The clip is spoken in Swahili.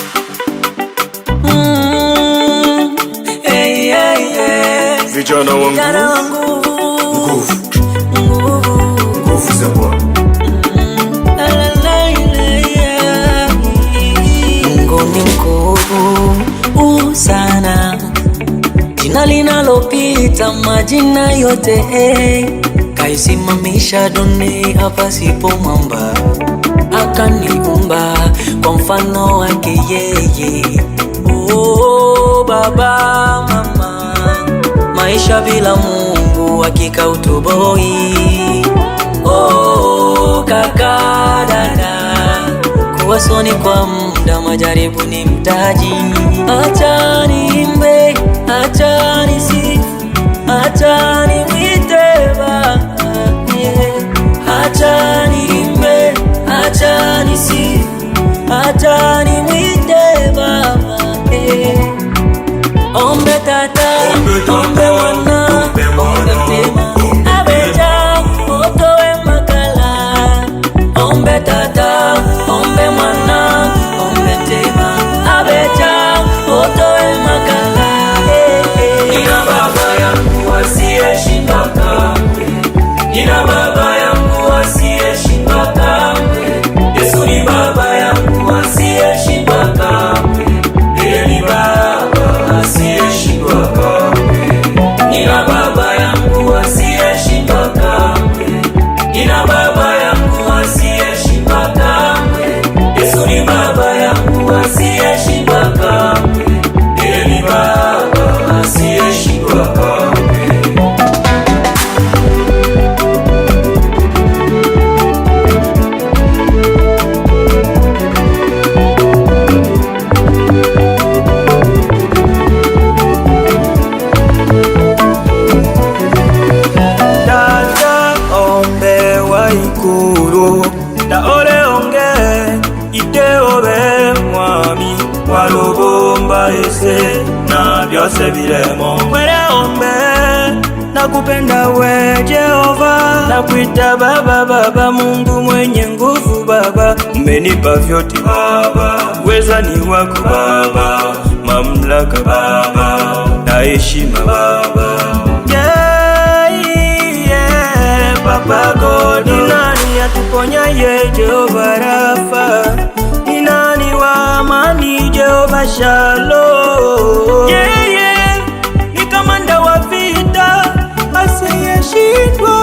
Mm-hmm. ngoni wa usana nguvu za jina linalopita majina yote, eh. kaisimamisha dunia pasipo mwamba, akaniumba kwa mfano wake yeye. Oh, baba mama, maisha bila Mungu hakika utoboi. Oh, kaka dada, kuwa soni kwa muda, majaribu ni mtaji. Acha niimbe, acha nisifu, acha nimwite Baba, acha niimbe, acha wese na byose biremo ombe nakupenda we Jehova, nakuita baba baba, Mungu mwenye nguvu baba, umenipa vyote baba, weza ni wako baba, mamlaka baba na heshima baba, baba God, ni nani Jehova Rafa amani, Jehova Shalom. Yeye yeah, yeah, ni kamanda wa vita asiyeshindwa